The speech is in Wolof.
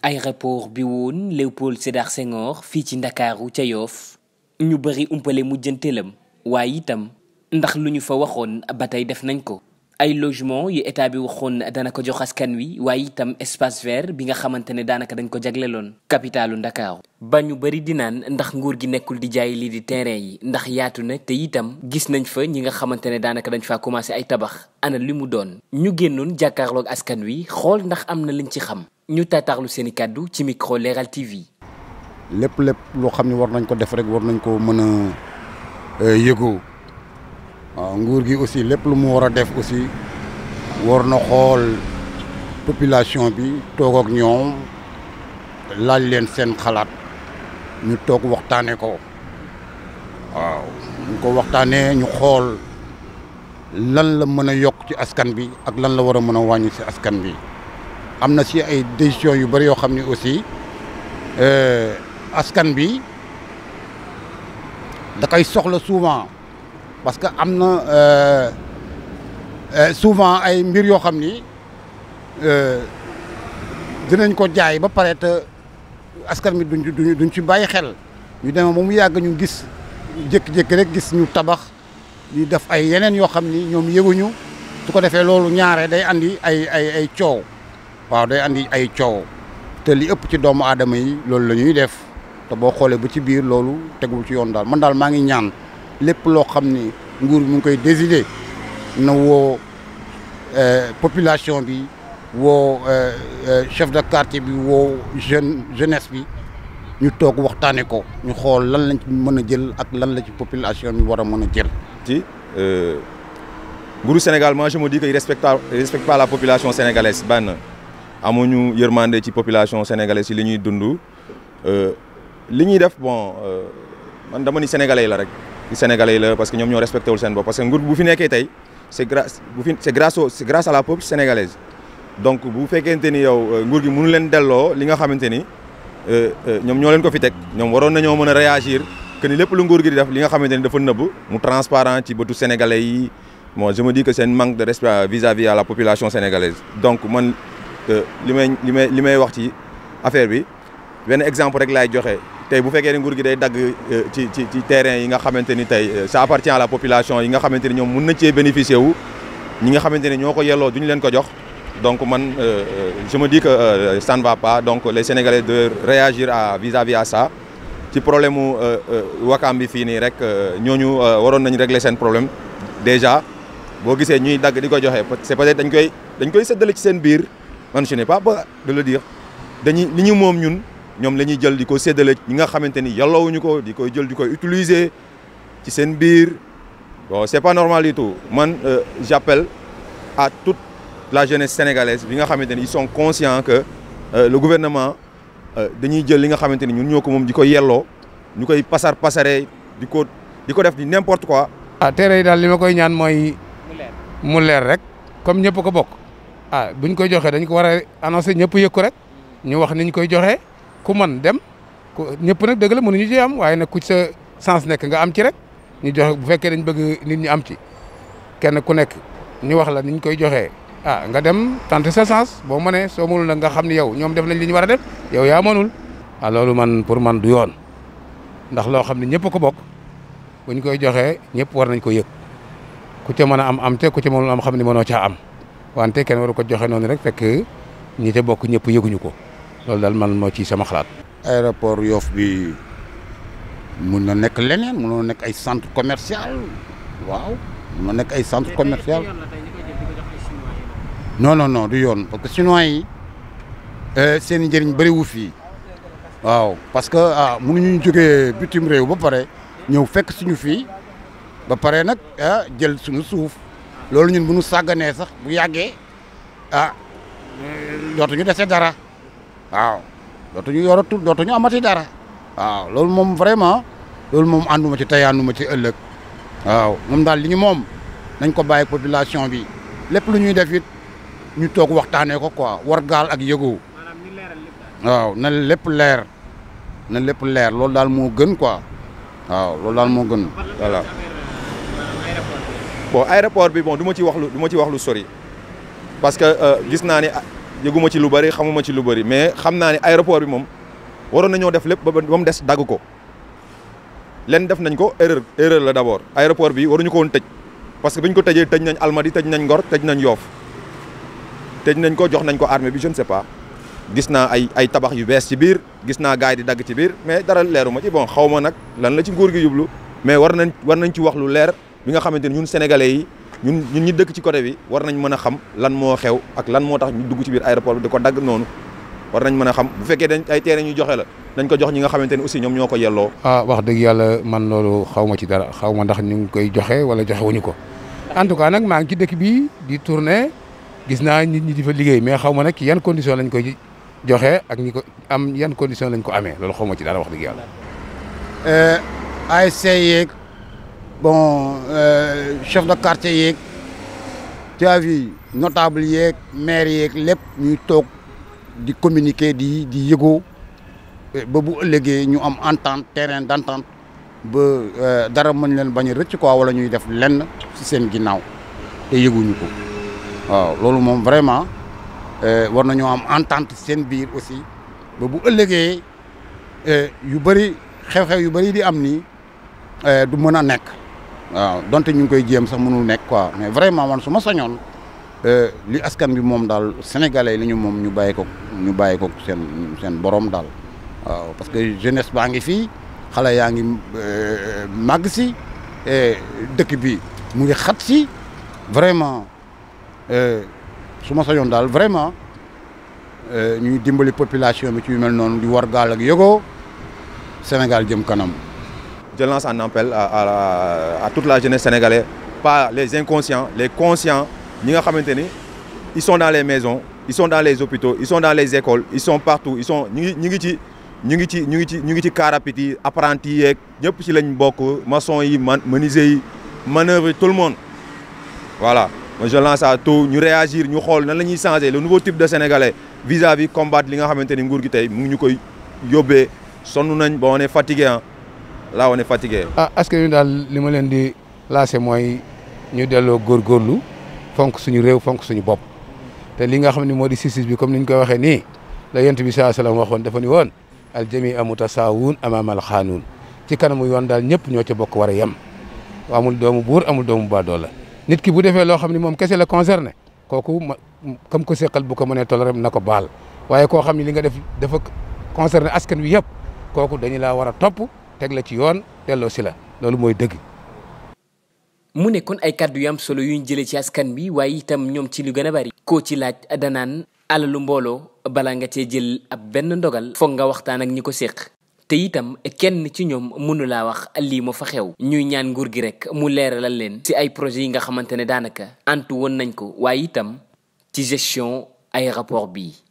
ay aéroport bi woon Léopold Sédar Senghor fii ci ndakaaru ca yoof ñu bari umpale mujjanteelam waaye itam ndax lu ñu fa waxoon ba tey def nañ ko ay logement yu état bi waxoon dana ko jox askan wi waaye itam espace vert bi nga xamante ne daanaka dañ ko jagleeloon capitalu ndakaaru ba ñu bari di naan ndax nguur gi nekkul di jaay lii di terrain yi ndax yaatu na te itam gis nañ fa ñi nga xamante ne daanaka dañ fa commencé ay tabax ana li mu doon ñu génnoon jàkkaarloog askan wi xool ndax am na liñ ci xam ñu taataarlu seen i kàddu ci micro Leral TV. lépp lépp loo xam ne war nañ ko def rek war nañ ko mën a euh, yëgoo waaw nguur gi aussi lépp lu mu war a def aussi war na xool population bi toog ak ñoom laaj leen seen xalaat ñu toog waxtaanee ko waaw ñu ko waxtaanee ñu xool lan la mën a yokk ci askan bi ak lan la war a mën a wàññi ci askan bi. am na ci ay décisions yu bëri yoo xam ne aussi euh, askan bi da koy soxla souvent parce que am na euh, euh, souvent ay mbir yoo xam ni dinañ ko jaay ba pare te askan bi duñ duñ duñ ci bàyyi xel yu demee ba mu yàgg ñu gis jékki-jékki rek gis ñu tabax di def ay yeneen yoo xam ni ñoom yëguñu su ko defee loolu ñaare day andi ay ay ay coow. waaw day andi ay coow te li ëpp ci doomu aadama yi loolu la ñuy def te boo xoolee ba ci biir loolu tegul ci yoon daal man daal maa ngi ñaan lépp loo xam ni nguur mu ngi koy décider na woo euh, population bi woo euh, euh, chef de quartier bi woo jeune jeunesse bi ñu toog waxtaane ko ñu xool lan lañ ci mën a jël ak lan la ci population bi wara mën a jël. ci nguuru Sénégal moi je me dis que il respecte pas la population sénégalaise benn. amuñu yërmande ci population sénégalaise ci li ñuy dund euh, li ñuy def bon euh, man dama ni sénégalais la rek ci sénégalais la parce que ñoom ñoo respecté wul seen bopp parce que nguur bu fi nekkee tey c'est grâce bu fi c'est grâce au c'est à la peuple sénégalaise donc bu fekkente ni yow euh, nguur gi mënu leen delloo li nga xamante ni ñoom ñoo leen ko fi teg ñoom waroon nañoo mën a réagir que ni lépp lu nguur gi di def li nga xamante ni dafa nëbb mu transparent ci bëtu sénégalais yi bon je me dis que c'est un manque de respect vis population sénégalaise que li may li may li may wax ci affaire bi benn exemple rek laay joxe tey bu fekkee ne nguur gi day dagg euh, ci ci ci terrain yi nga xamante ni tey euh, ça appartient à la population yi nga xamante ni ñoom mun na cee bénéficier wu ñi nga xamante ni ñoo ko yelloo duñu leen ko jox donc man euh, je me dis que ça ne pas donc les sénégalais doivent réagir à vis vis à ça ci problème mu wakaam bi fii nii rek ñooñu waroon nañ régler seen problème déjà boo gisee ñuy dagg di ko joxe c'est peut-être dañ koy dañ koy séddale ci seen biir. man je n'ai pas peur de le dire dañuy li ñu moom ñun ñoom la ñuy jël di ko séddale ñi nga xamante ni yàllawuñu ko di ko jël di koy utiliser ci seen biir bon c'est pas normal du tout man euh, j'appelle à toute la jeunesse sénégalaise bi nga xamante ni son sont conscients que euh, le gouvernement euh, dañuy jël li nga xamante ni ñun ñoo ko moom di ko yelloo ñu koy pasar pasare di ko di ko def di n'importe quoi. ah téere yi daal li ma koy ñaan mooy. mu leer rek comme ñëpp ko bokk. Ah, bu ñu koy joxee dañ ko war a annoncé ñëpp yëg ko rek ñu wax niñ koy joxee ku man dem ku ñëpp nag dëgg la mënuñu ci am waaye nag ku sa sens nekk nga am ci rek ñu joxe bu fekkee dañ bëgg nit ñi am ci kenn ku nekk ñu wax la niñ koy joxee ah nga dem tenter sa sens boo mënee soo mënul nag nga xam ne yow ñoom def nañ li ñu war a def yow yaa mënul. ah loolu man pour man du yoon ndax loo xam ne ñëpp ko bokk buñ koy joxee ñëpp war nañ ko yëg ku ca mën a am am te ku ca mënul am xam ne mënoo caa am. wante kenn waru ko joxe noonu rek fekk ñi te bokk ñëpp yëguñu ko loolu daal man moo ci sama xalaat. rapport Yoff bi mun na nekk leneen mun na nekk ay centre commercial waaw mun na nekk ay centre commercial non non non du yoon parce que chinois yi euh, seen njëriñ bëri wu fii waaw parce que ah mënuñu jógee bitim réew ba pare ñëw fekk suñu fii ba pare nag ah, jël suñu suuf. loolu ñun bu ñu sàgganee sax bu yàggee ah dootuñu dese dara waaw dootuñu yoratu dootuñu amati dara waaw loolu moom vraiment loolu moom ànduma ci tey ànduma ci ëllëg waaw moom daal li ñu moom nañ ko bàyyi population bi lépp lu ñuy def it ñu toog waxtaanee ko quoi war gaal ak yëgu waaw na lépp leer na lépp leer loolu daal moo gën quoi waaw loolu daal moo gën voilà. bon aéroport bi bon du ma ci wax lu du ma wax lu sori parce que euh, gis naa ne ah, yëguma ci lu bari xamuma ci lu bari mais xam naa ne aéroport bi moom waroon nañoo def lépp ba ba mu des dagg ko len def nañ ko erreur erreur la d' abord aéroport bi waruñu ko woon tëj parce que bi ñu ko tëjee tëj nañ di tëj nañ Ngor tëj nañ Yoof tëj nañ ko jox nañ ko armée bi je ne sais pas gis naa ay ay tabax yu bees ci biir gis naa gars yi di dagg ci biir mais dara leeruma ci bon xaw ma nag lan la ci nguur gi yublu mais war nañ war nañ ci wax lu leer bi nga xamante ni ñun sénégalais yi ñun ñi dëkk ci côté bi war nañ mën a xam lan moo xew ak lan moo tax ñu dugg ci biir aéroport bi di ko dagg noonu war nañ mën a xam bu fekkee dañ ay terrain ñu joxe la dañ ko jox ñi nga xamante ni aussi ñoom ñoo ko ah, wax dëgg yàlla man loolu xaw ma ci dara xaw ma ndax ñu ngi koy joxe wala joxe wuñu ko en tout cas nag maa ngi ci dëkk bi di tourner gis naa nit ñi di fa liggéey mais xaw ma nag yan condition lañ koy joxe ak ñi ko am yan condition lañ ko amee loolu xaw ma ci dara wax dëgg yàlla. Euh, ay bon euh, chef de quartier yeeg tu as vu notable yeeg maire yeeg lépp ñuy toog di communiquer di di yëgoo euh, ba bu ëllëgee ñu am entente terrain d'entente ba euh, dara mën leen bañ rëcc quoi wala ñuy def lenn ci seen ginnaaw te yëguñu ko waaw loolu moom vraiment war nañoo am entente seen biir aussi ba bu ëllëgee yu bëri xew-xew yu bëri di am nii du mën a nekk. waaw donte ñu ngi koy jéem sax mënul nekk quoi mais vraiment man su ma sañoon euh, li askan bi moom daal sénégalais li ñu moom ñu bàyyi ko ñu bàyyi ko seen seen borom daal waaw parce que jeunesse baa ngi fii xale yaa ngi euh, màgg si dëkk bi mu ngi xat si vraiment euh, su ma sañoon daal vraiment ñuy dimbali population bi ci yu mel noonu di war gaal ak yëgoo Sénégal jëm kanam. je lance un à, à, à toute la jeunesse sénégalaise pas les inconscients les conscients ñi nga xamante ni ils son dans les maisons ils sont dans les hôpitaux ils sont dans les écoles ils sont partout ils sont ñu ngi ñu ngi ci ñu ngi ci ñu ngi ci ñu ngi ci car rapide yi ñëpp ci lañ bokk mason yi menuisier yi manœuvre tout le monde voilà je lance à tout ñu réagir ñu xool na la ñuy changer le nouveau type de sénégalais vis-à-vis combattre li nga xamante ni nguur gi tey mu ngi ñu koy yóbbee sonn nañ bon on laa on est fatigué. ah askan wi daal li ma leen di lancé mooy ñu delloo góorgóorlu fonk suñu réew fonk suñu bopp te li nga xam ne moo di justice bi comme ni ñu koy waxee nii la yent bi saa salaam waxoon dafa ni woon al jami amuta saawun amaam al xaanuun ci kanamu yoon daal ñëpp ñoo ca bokk war a yem amul doomu buur amul doomu baadoo la nit ki bu defee loo xam ne moom kese la concerné kooku ma kam ko seqal bu ko mënee toléré na ko baal waaye ko xam ne li nga def dafa concerné askan wi yëpp kooku dañu laa war a topp teg la ci yoon delloo si la loolu mooy dëgg. mu nekkoon ay kàddu yam solo yuñ jëlee ci askan bi waaye itam ñoom ci lu gën a bari. koo ci laaj danaan alalu mbooloo balaa nga cee jël ab benn ndogal. foog nga waxtaan ak ñi ko séq. te itam kenn ci ñoom mënu laa wax lii ma fa xew. ñuy ñaan nguur gi rek mu leeralal leen. ci ay projets yi nga xamante ne daanaka. antu woon nañ ko waaye itam ci gestion aéroport bii.